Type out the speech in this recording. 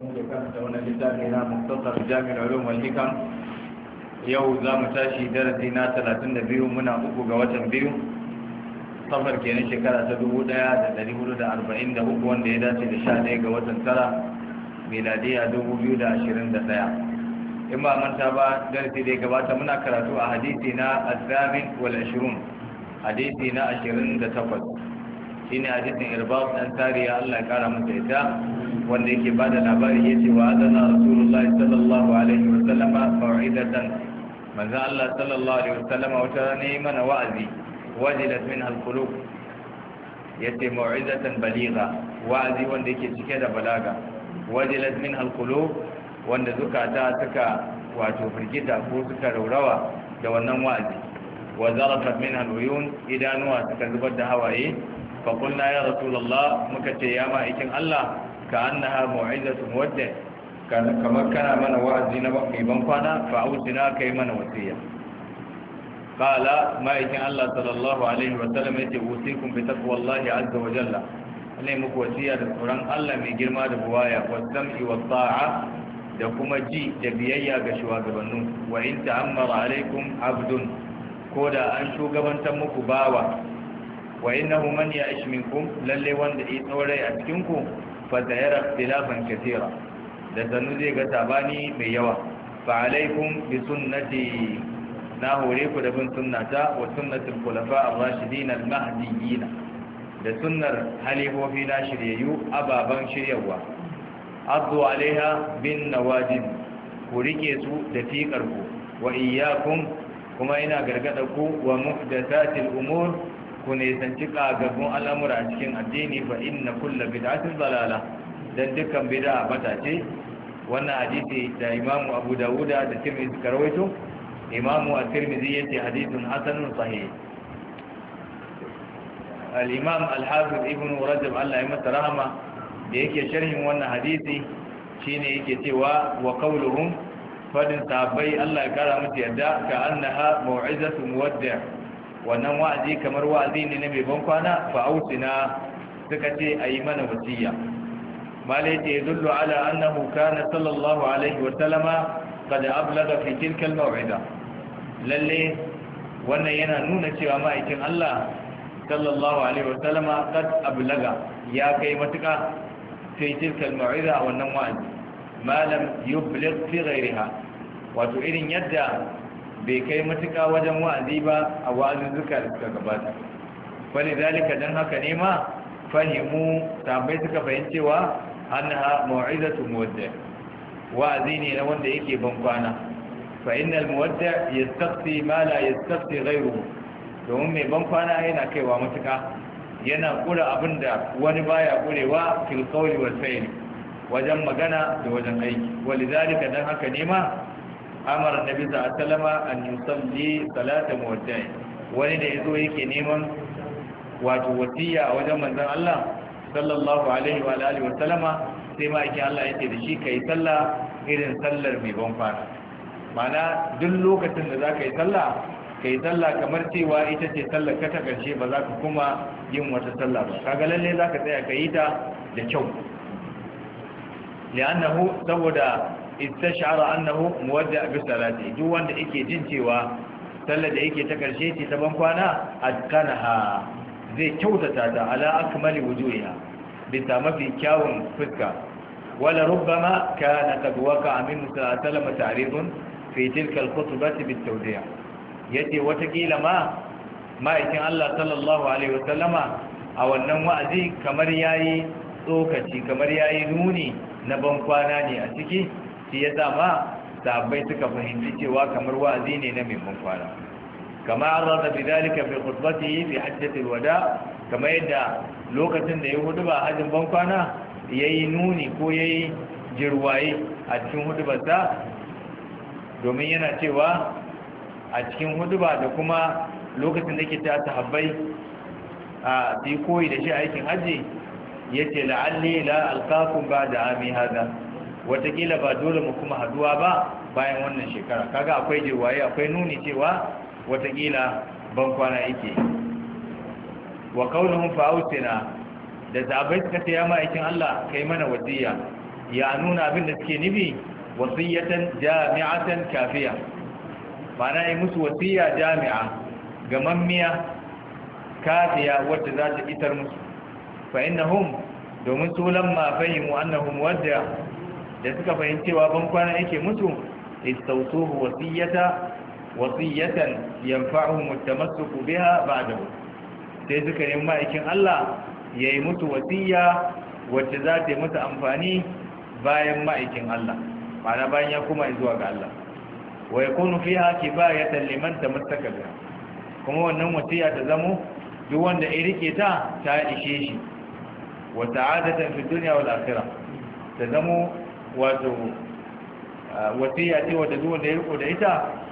muke karanta wannan littafi na muktasar jami'ar ulum wal hikam yau za mu tashi darasi na 32 muna uku ga watan biyu safar kenan shekara ta 1443 wanda ya dace da 11 ga watan tara miladiya 2021 in ba manta ba darasi da ya gabata muna karatu a hadisi na azamin wal ashirin hadisi na 28 shine hadisin irbab dan tariya Allah ya kara masa ita wanda yake bada labari ce wa adana rasulullah sallallahu alaihi wa sallama mau'izatan manzo Allah sallallahu alaihi wa sallama wata ne mana wa'azi wajilat minha alqulub yace mau'izatan baligha wa'azi wanda yake cike da balaga wajilat minha alqulub wanda zukata suka wato firgita ko suka raurawa da wannan wa'azi wa zarafat minha aluyun idanuwa suka zubar da hawaye fa qulna ya rasulullah muka ce ya ma'aikin Allah ka annaha mu'izatu muwadda kamar kana mana wa'azi na ban kwana fa ausina kai mana wasiya qala ma'aikin Allah sallallahu alaihi wa sallam yace usikum bi taqwallahi azza wa jalla ne muku wasiya da tsoron Allah mai girma da buwaya wa sam'i wa ta'a da kuma ji da biyayya ga shugabannin wa in ta'ammara alaikum abdun ko da an shugabantar muku bawa wa innahu man ya'ish minkum lalle wanda yi tsaurai a cikin ku fatayar filafan katira da sannu zai ga tabani mai yawa fa’alaikun bi sunnati na hore ku da bin sunnata wa sunnatin kulafa a rashidinar mahadiyina da sunnar halifofi na shiryayyu ababen shiryarwa abu alaiha bin nawajin ku rike su da fikarku wa iyakun kuma ina gargada ku wa muhdasatil umur ku nisanci kagagun al'amura a cikin addini fa inna kulla bid'atin dalala don dukkan bid'a bata ce wannan hadisi da Imam Abu Dawuda da Tirmidhi karwaito Imam At-Tirmidhi yace hadithun hasanun sahi al-Imam Ibn Rajab Allah ya masa rahama da yake sharhin wannan hadisi shine yake cewa wa qawluhum fadin sahabbai Allah ya kara musu yadda ka annaha mau'izatu muwaddi' wannan wa'azi kamar wa'azi ne na mai ban kwana fa ausina suka ce ayi mana wasiya malai ce yadullu ala annahu kana sallallahu alaihi wa sallama qad ablaga fi tilka al-maw'ida lalle wannan yana nuna cewa ma'aikin Allah sallallahu alaihi wa sallama qad ablaga ya kai matuka fi tilka al wannan wa'azi malam lam yubliq fi ghayriha wato irin yadda bai kai matuka wajen wa'azi ba a wa'azuzzuka da suka gabata fali zalika don haka ne ma fahimu tambai suka fahimcewa ha annaha su muwadda wa'azi ne na wanda yake ban kwana fa muwadda ya yastafi mala ya yastafi ghayruhu domin mai ban kwana yana kaiwa matuka yana kura abin da wani baya kurewa fil wasai wajen magana da wajen aiki walidhalika dan haka ne ma amara nabi sallallahu a Salama an yusalli salata wani da yazo yake neman wato wasiya a wajen manzon Allah sallallahu alaihi wa alihi wa sai ma yake Allah yake da shi kai sallah irin sallar mai ban fara mana duk lokacin da ka yi sallah kai sallah kamar cewa ita ce sallar ka ta karshe ba za ka kuma yin wata sallah ba kaga lalle zaka tsaya ka yi ta da kyau li'annahu saboda istashara annahu muwadda bi salati duk wanda yake jin cewa sallar da yake ta karshe ce ta ban kwana atqanaha zai kyautata ta ala akmali wujuhiha bisa mafi kyawun fuska wala rubbama kana qad waqa'a min sallallahu ta'ridun fi tilka al-khutbati bit-tawdi' yace watakila ma ma'aikin Allah sallallahu alaihi wasallama a wannan wa'azi kamar yayi tsokaci kamar yayi nuni na ban kwana ne a ciki shi ya sa ma sahabbai suka fahimci cewa kamar wa'azi ne na maimakon kwana kama an arada bidalika fi khutbatihi fi ta wada kama yadda lokacin da ya hudu ba hajjin ban kwana ya yi nuni ko ya yi jirwaye a cikin sa domin yana cewa a cikin ba da kuma lokacin da ke ta sahabbai a fi koyi da shi aikin hajji yace la'alli la ba ba'da ami hada watakila ba dole mu kuma haduwa ba bayan wannan shekara kaga akwai jirwaye akwai nuni cewa watakila ban kwana yake wa kaunuhum fa'utina da zabai suka ce ya ma'aikin Allah kai mana wasiya ya nuna abin da suke nibi wasiyatan jami'atan kafiya mana yi musu wasiya jami'a gamammiya kafiya wacce za ta isar musu fa innahum domin su lamma fahimu annahum wadda da suka fahimcewa ban kwana yake musu istautuhu wasiyata wasiyatan yanfa'uhum mutamassiku biha ba'dahu sai suka yi ma'aikin Allah yayi mutu wasiya wacce za ta yi amfani bayan ma'aikin Allah ma'ana bayan ya kuma zuwa ga Allah wa yakunu fiha kibayatan liman tamassaka biha kuma wannan wasiya ta zamo duk wanda ya rike ta ta ishe shi wa ta'adatan fi dunya wal akhirah ta zamo wato ah, wasiya ce wata zuwa da ya riko da ita